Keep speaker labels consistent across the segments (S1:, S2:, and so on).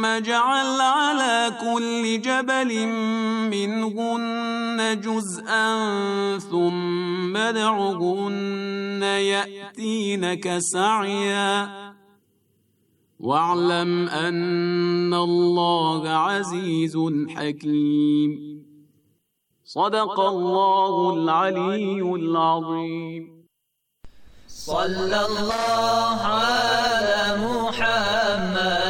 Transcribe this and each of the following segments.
S1: ثم اجعل على كل جبل منهن جزءا ثم ادعهن يأتينك سعيا واعلم أن الله عزيز حكيم صدق الله العلي العظيم صلى الله على محمد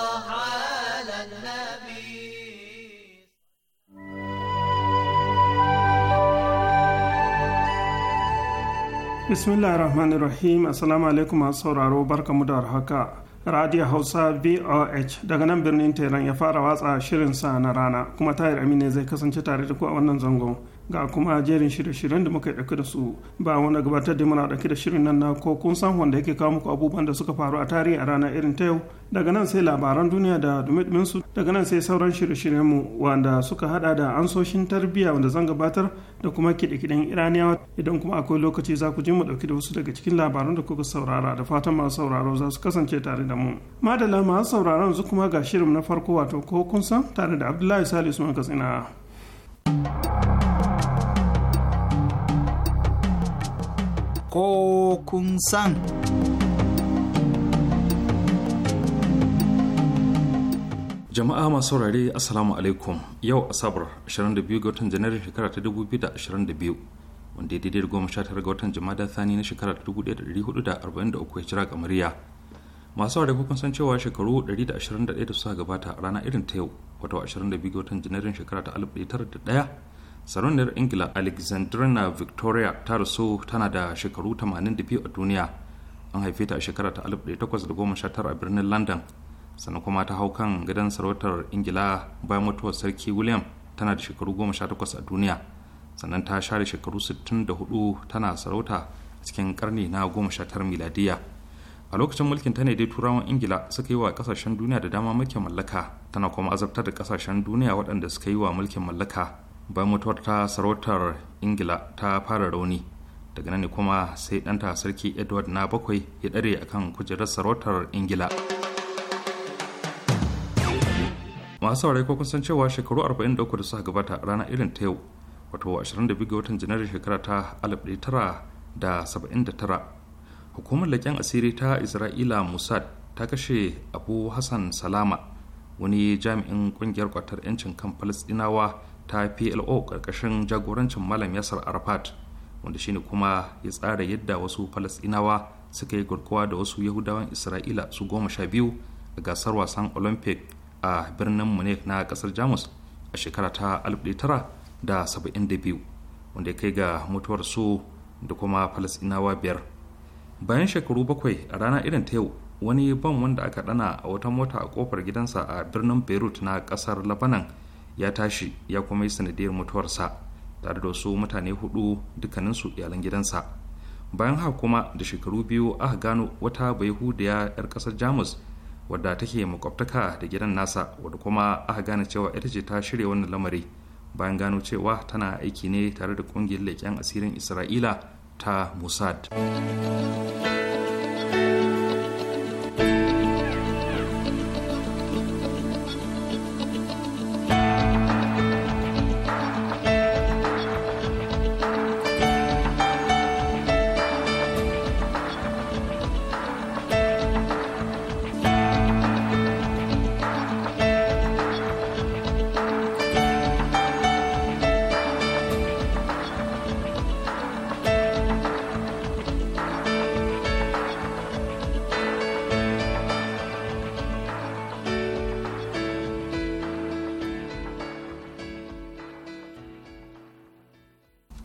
S2: bismillah rahman rahim assalamu alaikum masu sauraro barka mu da haka radio hausa voh daga nan birnin teran ya fara watsa shirinsa na rana kuma tahir amine zai kasance tare da ku a wannan zangon ga kuma jerin shirye-shiryen da muka ɗauki da su ba wani gabatar da muna ɗauki da shirin nan na ko kun san wanda yake kawo muku abubuwan da suka faru a tarihi a ranar irin ta yau daga nan sai labaran duniya da dumi su daga nan sai sauran shirye-shiryen mu wanda suka hada da ansoshin tarbiyya wanda zan gabatar da kuma kiɗe-kiɗen iraniyawa idan kuma akwai lokaci za ku ji mu ɗauki da wasu daga cikin labaran da kuka saurara da fatan masu sauraro za su kasance tare da mu madala masu sauraron yanzu kuma ga shirin na farko wato ko kun san tare da abdullahi salisu man katsina
S3: ko kun san.
S4: Jama'a masu saurare Assalamu alaikum yau Asabar 22 ga watan Janairun shekara ta 2022 wanda ya daidai da goma sha tara ga watan Jama'a Thani na shekara ta 1443 ya jira kamariya. Masu saurare kun san cewa shekaru 121 da suka gabata a rana irin ta yau wato 22 ga watan Janairun shekara ta 1901 sarauniyar ingila alexandrina victoria ta rasu tana da shekaru 82 a duniya an haife ta a shekara ta 1819 a birnin london sannan kuma ta hau kan gidan sarautar ingila bayan mutuwar sarki william tana da shekaru 18 a duniya sannan ta share shekaru 64 tana sarauta a cikin karni na 19 miladiya a lokacin mulkin ta ne dai turawan ingila suka yi wa kasashen duniya da dama mulkin mallaka tana kuma azabtar da kasashen duniya waɗanda suka yi wa mulkin mallaka bayan mutuwar ta sarautar ingila ta fara rauni daga nan ne kuma sai ɗanta sarki edward na bakwai ya ɗare akan kujerar sarautar ingila masu saurari ko kusan cewa shekaru 43 da suka gabata rana irin ta yau wato 22 ga watan janairun shekara ta 1979 hukumar leƙen asiri ta isra'ila musad ta kashe abu hassan salama wani jami'in ƙungiyar kwatar 'yancin kan falasɗinawa ta plo ƙarƙashin jagorancin malam yasar arafat wanda shine kuma ya tsara yadda wasu falasɗinawa suka yi gurkuwa da wasu yahudawan isra'ila su goma sha biyu a gasar wasan olympic a birnin munich na ƙasar jamus a shekara ta da da saba'in biyu wanda ya kai ga mutuwar su da kuma falasɗinawa biyar bayan shekaru bakwai a rana irin ta yau wani ban wanda aka dana a wata mota a kofar gidansa a birnin beirut na ƙasar labanan ya tashi ya kuma yi sanadiyar mutuwarsa tare da wasu mutane hudu dukkaninsu iyalan gidansa bayan haka kuma da shekaru biyu aka gano wata bayahudiya 'yar kasar jamus wadda take makwabtaka da gidan nasa wadda kuma aka gane cewa ita ce ta shirya wannan lamari bayan gano cewa tana aiki ne tare da ƙungiyar leƙen asirin isra'ila ta musad.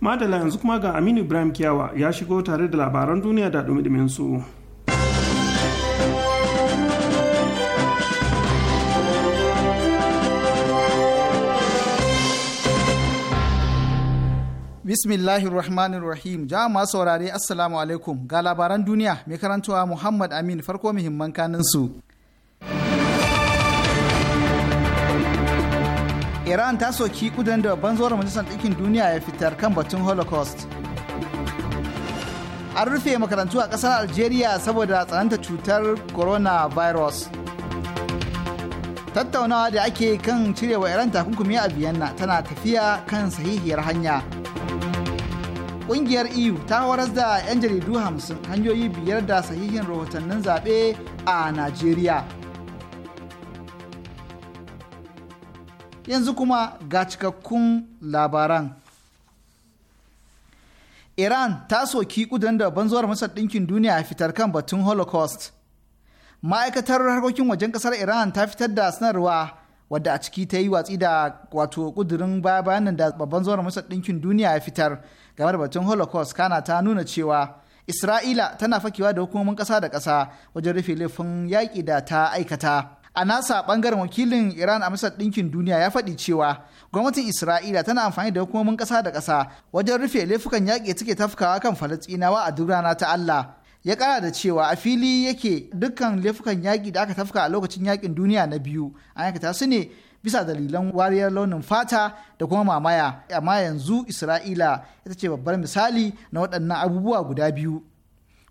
S2: madala yanzu kuma ga aminu ibrahim kiyawa ya shigo tare da labaran duniya da dumi su.
S3: bismillahir rahmanir rahim jama'a saurare assalamu alaikum ga labaran duniya mai karantawa muhammad amin farko muhimman kanin su iran ta soki kudin da babban zuwar majalisar ɗinkin duniya ya fitar kan batun holocaust an rufe makarantu a ƙasar algeria saboda tsananta cutar coronavirus tattaunawa da ake kan cirewa iran takunkumi a vienna tana tafiya kan sahihiyar hanya ƙungiyar eu ta waras da 'yan jaridu hamsin hanyoyi biyar da sahihin rahotannin zaɓe a najeriya yanzu kuma ga cikakkun labaran iran ta soki kudin da banzuwar masar ɗinkin duniya a fitar kan batun holocaust ma'aikatar harkokin wajen ƙasar iran ta fitar da sanarwa wadda a ciki ta yi watsi da wato ƙudurin baya bayanan da babban zuwar masar ɗinkin duniya ya fitar game da batun holocaust kana ta nuna cewa isra'ila tana fakewa da hukumomin ƙasa da ƙasa wajen rufe laifin yaƙi da ta aikata a nasa bangaren wakilin iran a masar ɗinkin duniya ya faɗi cewa gwamnatin isra'ila tana amfani da hukumomin ƙasa da kasa wajen rufe laifukan yaƙi take tafkawa kan falastinawa a duk rana ta allah ya kara da cewa a fili yake dukkan laifukan yaƙi da aka tafka a lokacin yaƙin duniya na biyu an aikata su ne bisa dalilan wariyar launin fata da kuma mamaya amma yanzu isra'ila ita ce babbar misali na waɗannan abubuwa guda biyu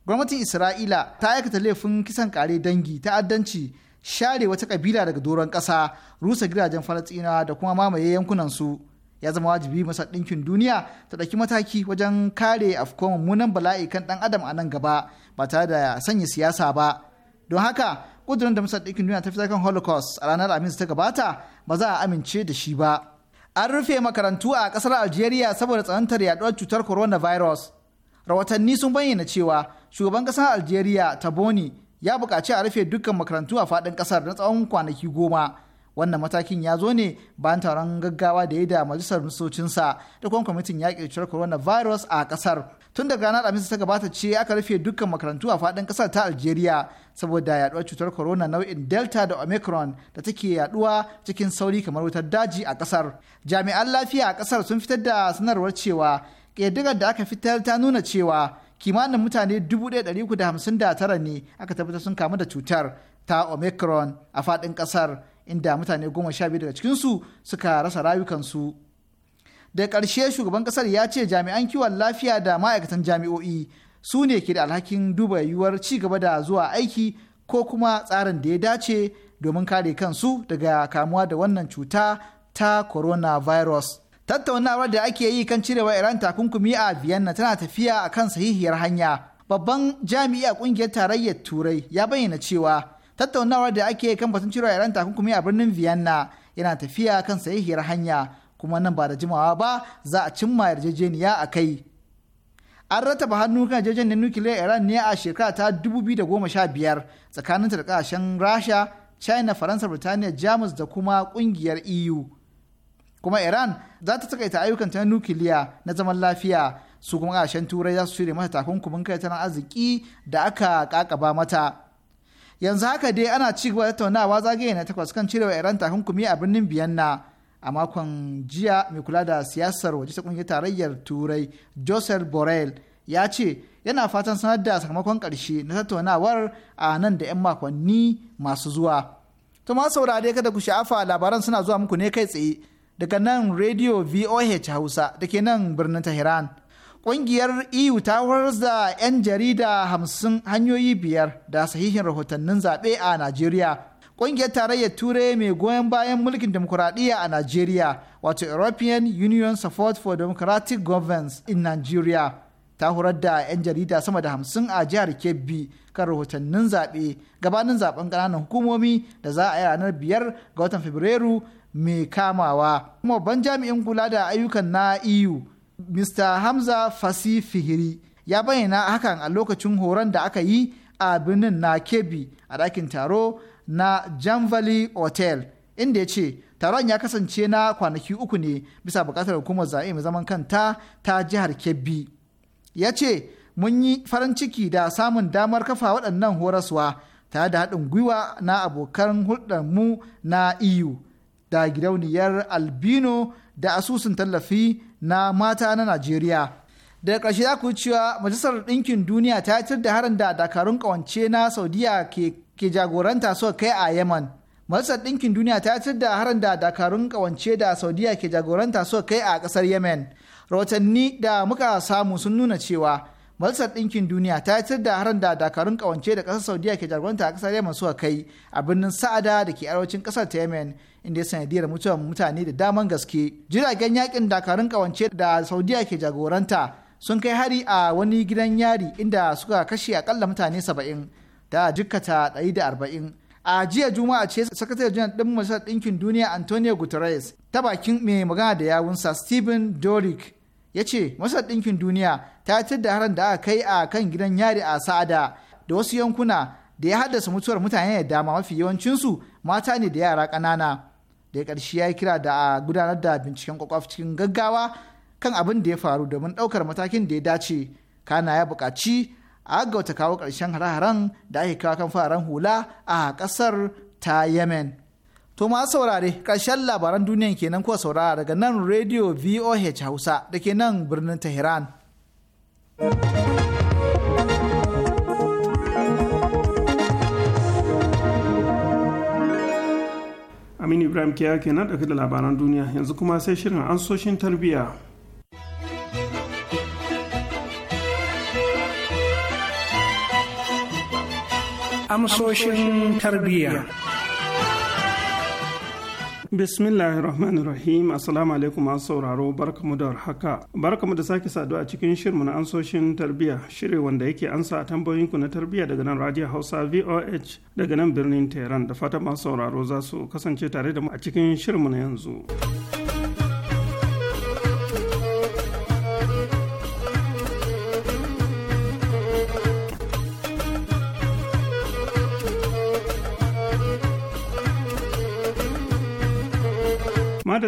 S3: gwamnatin isra'ila ta aikata laifin kisan kare dangi ta'addanci share wata kabila daga doron ƙasa rusa gidajen falastina da kuma mamaye yankunansu ya zama wajibi masa ɗinkin duniya ta ɗauki mataki wajen kare afko mummunan bala'i kan ɗan adam a nan gaba ba tare da sanya siyasa ba don haka ƙudurin da masa ɗinkin duniya ta fitar kan holocaust a ranar alhamis ta gabata ba za a amince da shi ba an rufe makarantu a ƙasar algeria saboda tsanantar yaɗuwar cutar coronavirus rahotanni sun bayyana cewa shugaban ƙasar algeria taboni ya buƙaci a rufe dukkan makarantu a faɗin ƙasar na tsawon kwanaki goma wannan matakin ya zo ne bayan taron gaggawa da ya da majalisar ministocinsa da kuma kwamitin yaƙi da coronavirus a ƙasar tun daga ranar alhamis ta gabata ce aka rufe dukkan makarantu a faɗin ƙasar ta algeria saboda yaɗuwar cutar corona nau'in delta da omicron da take yaɗuwa cikin sauri kamar wutar daji a ƙasar jami'an lafiya a ƙasar sun fitar da sanarwar cewa ƙididdigar da aka fitar ta nuna cewa kimanin mutane 1,359 ne aka tabbatar sun kamu da cutar ta omicron a faɗin ƙasar inda mutane goma sha biyu daga cikinsu suka rasa rayukansu da ƙarshe shugaban ƙasar ya ce jami'an kiwon lafiya da ma'aikatan jami'o'i su ne ke da alhakin duba yiwuwar ci gaba da zuwa aiki ko kuma tsarin da ya dace domin kare kansu daga kamuwa da wannan cuta ta coronavirus. tattaunawar da ake yi kan cirewa iran takunkumi a vienna tana tafiya a kan sahihiyar hanya babban jami'i a kungiyar tarayyar turai ya bayyana cewa tattaunawar da ake kan batun cirewa iran takunkumi a birnin vienna yana tafiya a kan sahihiyar hanya kuma nan ba da jimawa ba za a cimma yarjejeniya a kai an rataba hannu kan yarjejeniyar nukiliyar iran ne a shekara ta 2015 tsakaninta da kasashen rasha china faransa birtaniya jamus da kuma kungiyar eu kuma iran za ta takaita ayyukan ta nukiliya na zaman lafiya su kuma ƙarshen turai za su shirya mata takunkumin kai tattalin arziki da aka kakaba mata yanzu haka dai ana ci gaba da tattaunawa zagaye na takwas kan cirewa iran takunkumi a birnin biyanna a makon jiya mai kula da siyasar waje ta kungiyar tarayyar turai joseph borrell ya ce yana fatan sanar da sakamakon karshe na tattaunawar a nan da 'yan makonni masu zuwa. To ma saurare kada ku sha'afa labaran suna zuwa muku ne kai tsaye daga nan Radio VOH Hausa da ke nan birnin Tehran. Ƙungiyar EU ta horar da 'yan jarida hamsin hanyoyi biyar da sahihin rahotannin zaɓe a Najeriya. Ƙungiyar tarayyar Turai mai goyon bayan mulkin demokuraɗiyya a Najeriya, wato European Union Support for Democratic Governance in Nigeria, ta horar da 'yan jarida sama da hamsin a jihar Kebbi kan rahotannin zaɓe gabanin zaɓen ƙananan hukumomi da za a yi ranar biyar ga watan Fabrairu mai kamawa kuma ban jami'in kula da ayyukan na eu mr hamza fasifihiri ya bayyana hakan a lokacin horon da aka yi a birnin na kebi a ɗakin taro na jamvali hotel inda ya ce taron ya kasance na kwanaki uku ne bisa bukatar hukumar zaɓe mai zaman kanta ta jihar kebbi ya ce mun yi farin ciki da samun damar kafa waɗannan horaswa tare da haɗin gwiwa na abokan hulɗarmu na eu da gidauniyar albino da asusun tallafi na mata na najeriya da ƙarshe za ku cewa majalisar ɗinkin duniya ta yatar da harin da dakarun ƙawance na saudiya ke jagoranta suka kai a yaman majalisar ɗinkin duniya ta yatar da harin da dakarun ƙawance da saudiya ke jagoranta suka kai a ƙasar yemen rahotanni da muka samu sun nuna cewa Majalisar Ɗinkin Duniya ta yi da harin da dakarun kawance da ƙasar Saudiya ke jagoranta a ƙasar Yemen suka kai a birnin Sa'ada da ke arewacin kasar ta Yemen inda ya sanadiyar mutuwar mutane da daman gaske. Jiragen yakin dakarun kawance da Saudiya ke jagoranta sun kai hari a wani gidan yari inda suka kashe akalla mutane saba'in da jikkata ɗari da arba'in. A jiya Juma'a ce sakatare janar ɗin Majalisar Ɗinkin Duniya Antonio Guterres ta bakin mai magana da yawunsa Stephen Doric ya ce Majalisar Ɗinkin Duniya ta fitar da haran da aka kai a kan gidan yari a sa'ada da wasu yankuna da ya haddasa mutuwar mutane da dama mafi yawancinsu mata ne da yara ƙanana da ƙarshe ya kira da a gudanar da binciken kwakwaf cikin gaggawa kan abin da ya faru domin ɗaukar matakin da ya dace kana ya buƙaci a gauta kawo ƙarshen hare-haren da ake kawo kan fararen hula a ƙasar ta yemen to ma saurare ƙarshen labaran duniyan kenan ko saurara daga nan radio voh hausa da ke nan birnin tehran
S2: Aminu Ibrahim Kiya ke nan ɗauke da labaran duniya yanzu kuma sai shirin ansoshin tarbiyya. Amsoshin tarbiyya. Bismillahirrahmanirrahim. Rahim. Assalamu alaikum masu sauraro barkamu da haka. Barkamu da sake saduwa a cikin shirmu na ansoshin tarbiyya, shiri wanda yake ansa a tambayoyinku na tarbiyya daga nan Radio Hausa VOH daga nan birnin Tehran da fata masu sauraro za su kasance tare da mu a cikin shirmu na yanzu.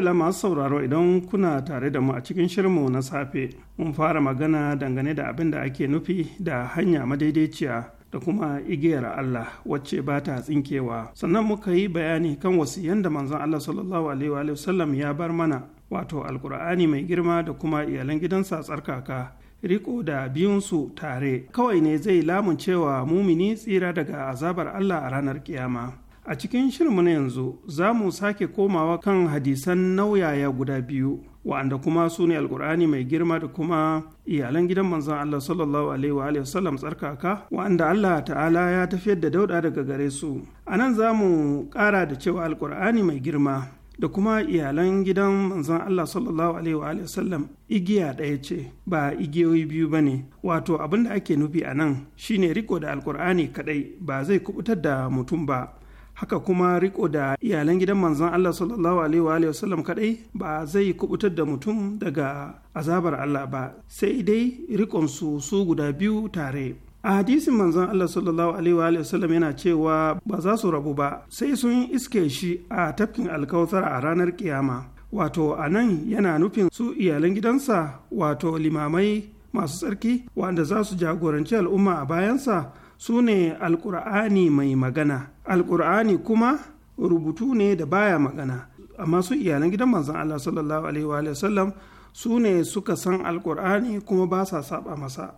S2: madala masu sauraro idan kuna tare da mu a cikin shirinmu na safe mun fara magana dangane da abin da ake nufi da hanya madaidaiciya da kuma igiyar Allah wacce ba ta tsinkewa sannan muka yi bayani kan wasu da manzon Allah sallallahu alaihi wa sallam ya bar mana wato alkur'ani mai girma da kuma iyalan gidansa tsarkaka riko da biyunsu tare kawai ne zai lamun cewa mumini tsira daga azabar Allah a ranar kiyama a cikin shirinmu na yanzu za mu sake komawa kan hadisan nauyaya guda biyu wa'anda kuma su ne alkur'ani mai girma da kuma iyalan gidan manzan Allah sallallahu alaihi wa alihi wasallam tsarkaka wa'anda Allah ta'ala ya tafiyar da dauda daga gare su a nan za mu ƙara da cewa alkur'ani mai girma da kuma iyalan gidan manzan Allah sallallahu alaihi wa alihi wasallam igiya ɗaya ce ba igiyoyi biyu ba ne wato abin da ake nufi a nan shine riko da alkur'ani kaɗai ba zai kubutar da mutum ba haka kuma riko da iyalan gidan manzon Allah sallallahu alaihi wa wasallam kadai ba zai kubutar da mutum daga azabar Allah ba sai dai rikon su su guda biyu tare a hadisin manzon Allah sallallahu alaihi wa wasallam yana cewa ba za su rabu ba sai sun iske shi a tafkin alkawthar a ranar kiyama wato a nan yana nufin su iyalan gidansa wato limamai masu tsarki wanda za su jagoranci al'umma a bayansa su ne alkur'ani mai magana alkur'ani kuma rubutu ne da baya magana amma su iyalan gidan manzon Allah sallallahu alaihi wa sallam su ne suka san alkur'ani kuma ba sa saba masa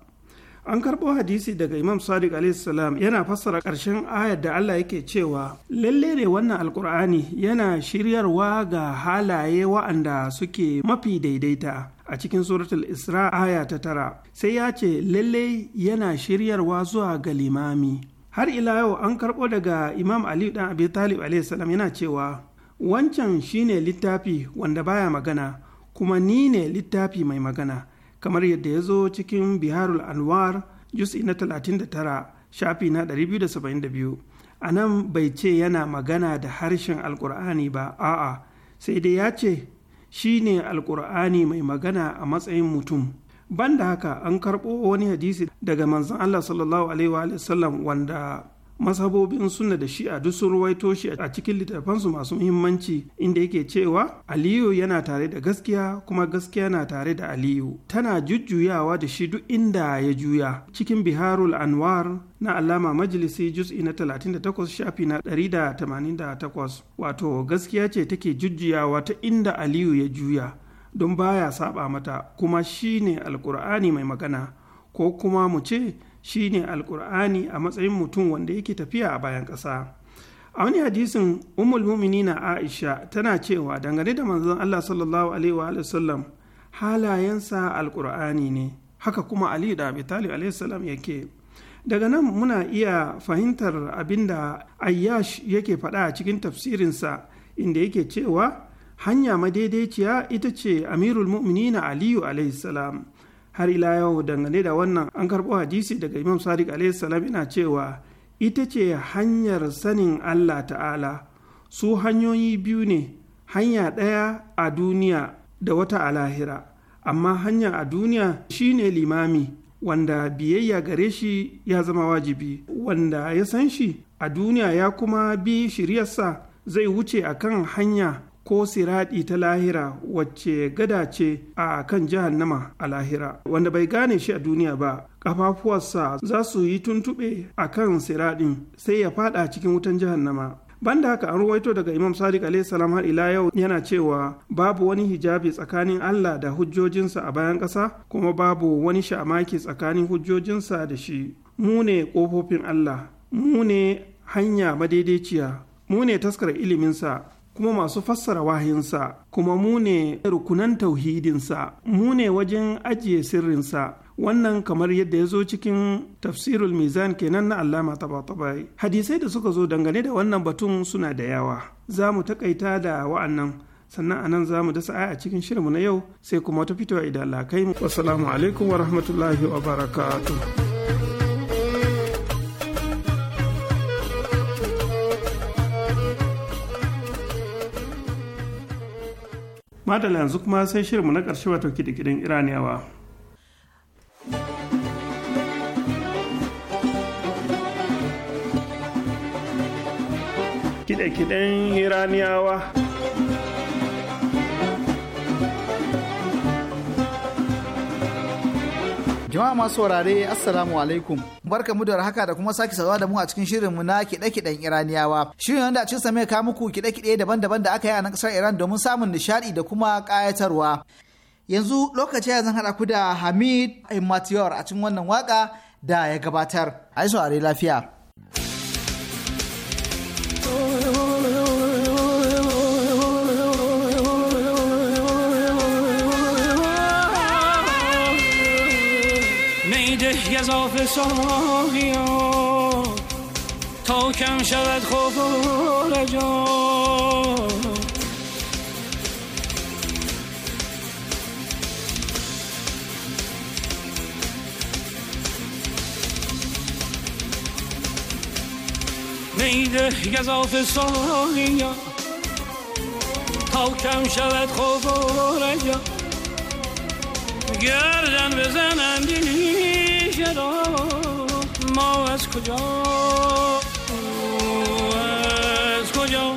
S2: an karɓo hadisi daga imam sadiq salam yana fassara ƙarshen ayar da allah yake cewa lalle ne wannan alkur'ani yana shiryarwa ga halaye wa'anda suke mafi daidaita a cikin suratul isra aya ta tara sai ya ce lalle yana shiryarwa zuwa ga limami har ila yau an karɓo daga imam ali dan abi talib salam yana cewa wancan shine littafi wanda baya magana kuma ni ne littafi mai magana kamar yadda ya zo cikin biharul anwar jus'i na 39 shafi na 272 a nan bai ce yana magana da harshen alkur'ani ba a'a sai dai ya ce shi ne alkur'ani mai magana a matsayin mutum banda haka an karɓo wani hadisi daga manzon Allah sallallahu alaihi wa wanda masabobin sunna da shi a sun ruwaito shi a cikin littafansu masu muhimmanci inda yake cewa aliyu yana tare da gaskiya kuma gaskiya na tare da aliyu tana jujjuyawa da shi duk inda ya juya cikin biharul anwar na alama majalisi jus'i na 38 shafi na 188 wato gaskiya ce take jujjuyawa ta inda aliyu ya juya don baya saba mata kuma shi ne alkur'ani mai magana ko kuma mu ce shi ne alkur'ani a matsayin mutum wanda yake tafiya a bayan ƙasa a wani hadisin umul na aisha tana cewa dangane da manzon allah sallallahu alaihi wa sallam halayensa alkur'ani ne haka kuma ali da abi talib alaihi salam yake daga nan muna iya fahimtar abinda ayyash yake faɗa a cikin tafsirinsa inda yake cewa hanya madaidaiciya ita ce amirul mu'minina aliyu alaihi salam har ila yau dangane da wannan an karɓo hadisi daga imam sadiq alaihi salam ina cewa ita ce hanyar sanin allah ta'ala su hanyoyi biyu ne hanya ɗaya a duniya da wata a lahira amma hanya a duniya shine limami wanda biyayya gare shi ya zama wajibi wanda ya san shi a duniya ya kuma bi shiryarsa zai wuce akan hanya ko siradi ta lahira wacce gada ce a kan jahannama a lahira wanda bai gane shi a duniya ba kafafuwarsa za su yi tuntuɓe a kan siradin sai ya fada cikin wutan jahannama banda haka an ruwaito daga imam sadiq alayhi salam har ila yau yana cewa babu wani hijabi tsakanin allah da hujjojinsa a bayan ƙasa kuma babu wani sha'amaki tsakanin hujjojinsa da shi mu ne ƙofofin allah mu ne hanya madaidaiciya mu ne taskar iliminsa kuma masu fassara wahayinsa kuma mu ne rukunan tauhidinsa mu ne wajen ajiye sirrinsa wannan kamar yadda ya zo cikin tafsirul mizan kenan na allama tabatabai hadisai da suka zo dangane da wannan batun suna da yawa za mu takaita da wa'annan sannan a nan za mu dasa a cikin shirinmu na yau sai kuma ta fitowa idan lakai mu wassalamu alaikum wa rahmatullahi wa barakatuh madala yanzu kuma sai shirinmu na ƙarshe wato kiɗe iraniyawa kiɗe-kiɗen iraniyawa
S3: Jama'a masu saurare Assalamu alaikum. Barka mu da haka da kuma sake sazuwa da mu a cikin shirin mu na kiɗe-kiɗen Iraniyawa. Shirin wanda a cikin ka muku kiɗe-kiɗe daban-daban da aka yi a nan ƙasar Iran domin samun nishaɗi da kuma ƙayatarwa. Yanzu lokaci ya zan haɗa ku da Hamid Imatiyor a cikin wannan waka da ya gabatar. Ai saurare lafiya.
S5: گذاف ساقیا تا کم شود خوف و رجا میده گذاف ساقیا تا کم شود خوف و رجا گردن بزنندی چرا ما از کجا از کجا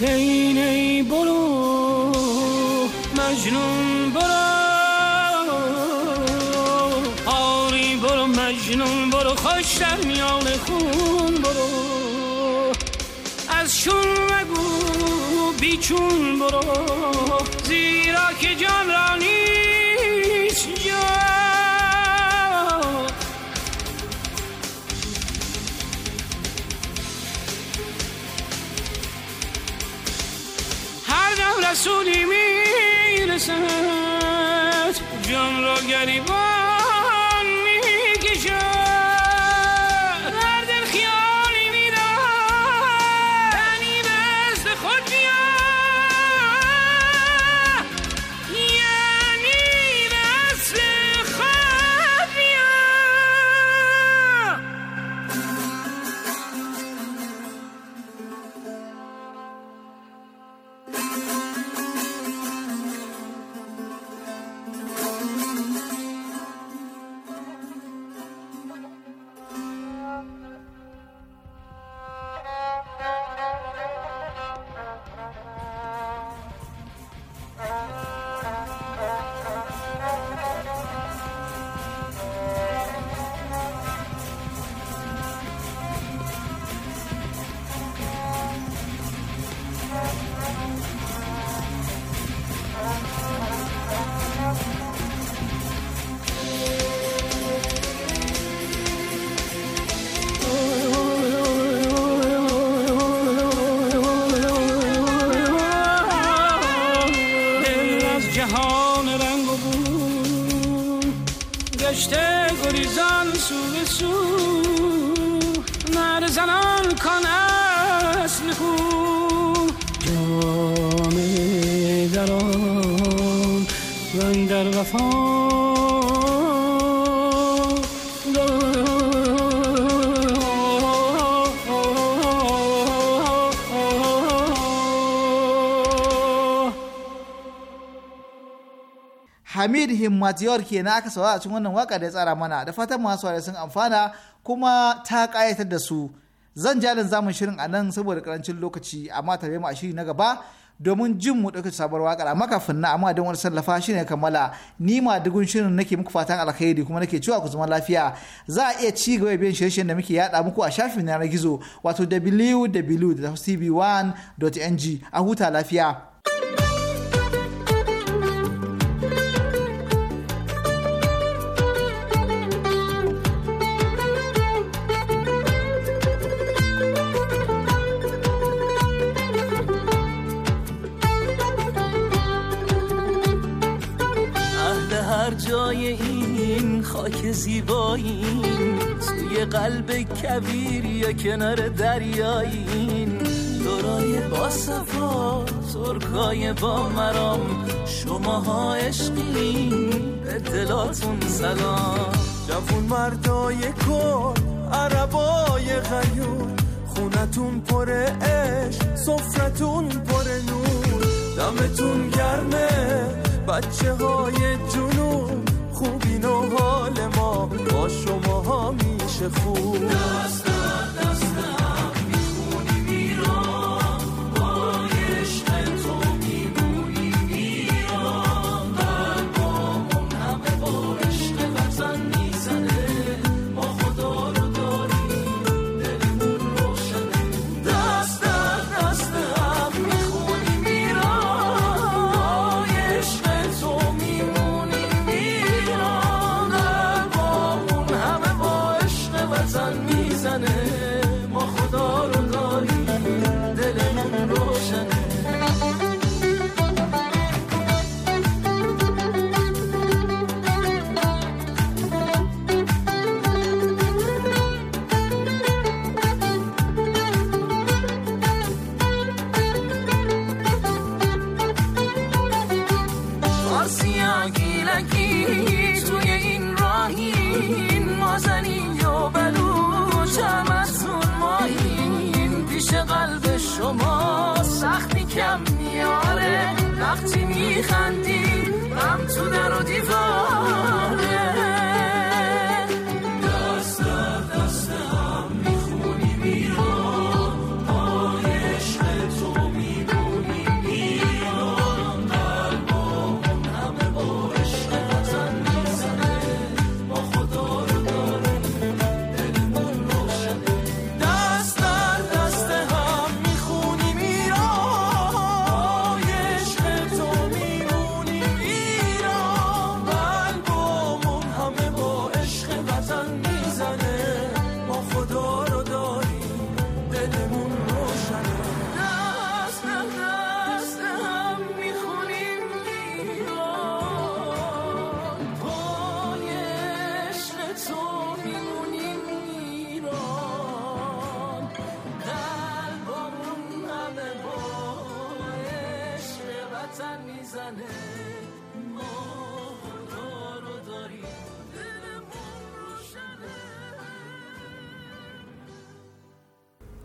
S5: نی نی برو مجنون برو آری برو مجنون برو خوش در میان خون چون برو
S3: Hamid Himmatiyar na aka saurara a cikin wannan waka da ya tsara mana da fatan masu wari sun amfana kuma ta ƙayatar da su. Zan jalin zamun shirin a nan saboda karancin lokaci amma tare mu a shiri na gaba domin jin mu ɗauki sabuwar waƙar a kafin na amma don wani sallafa shi ne kammala ni ma dugun shirin nake muku fatan alkhairi kuma nake cewa ku zama lafiya za a iya ci gaba biyan shirye-shiryen da muke yada muku a shafin yanar gizo wato wwwcb 1ng a huta lafiya.
S1: زیباییم توی قلب کبیر یا کنار دریاییم دورای با صفا ترکای با مرام شماها عشقین به دلاتون سلام جوون مردای کن عربای غیور خونتون پر اش صفرتون پر نور دمتون گرمه بچه های جنون خوبی با شما ها میشه خوب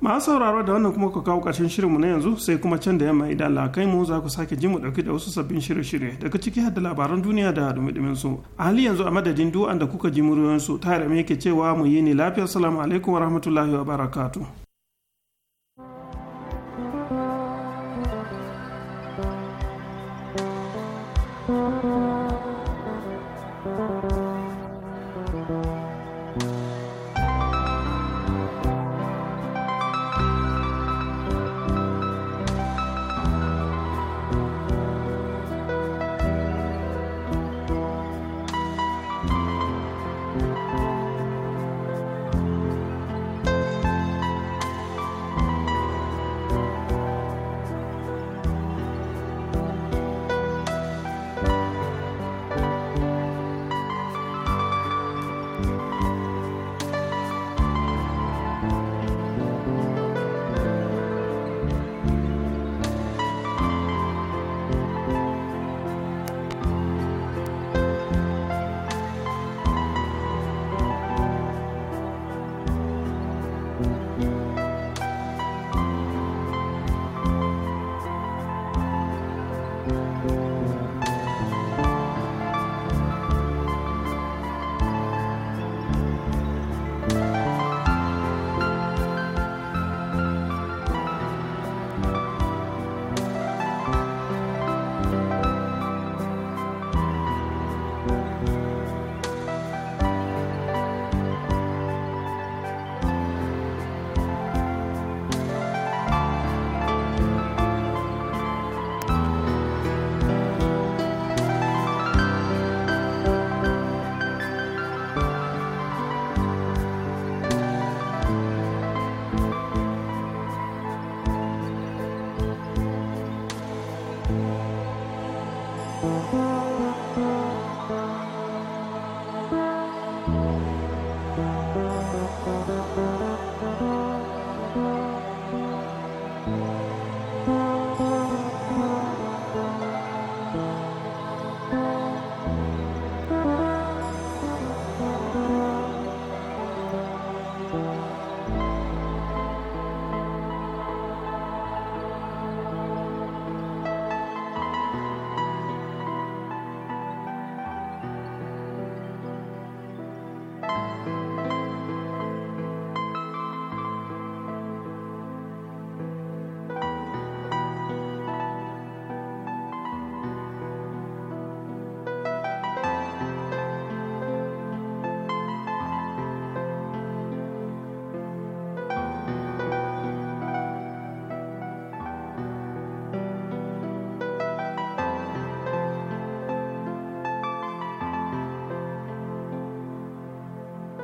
S2: masu sauraro da wannan kuma ku kawo ƙarshen shirinmu na yanzu sai kuma can da yamma idan lakai mu za ku sake ji mu ɗauki da wasu sabbin shirye-shirye daga ciki har da labaran duniya da dumi su a hali yanzu a madadin duk da kuka ji muryoyinsu ta da yake cewa mu yi ne lafiyar salamu alaikum wa rahmatullahi wa barakatuh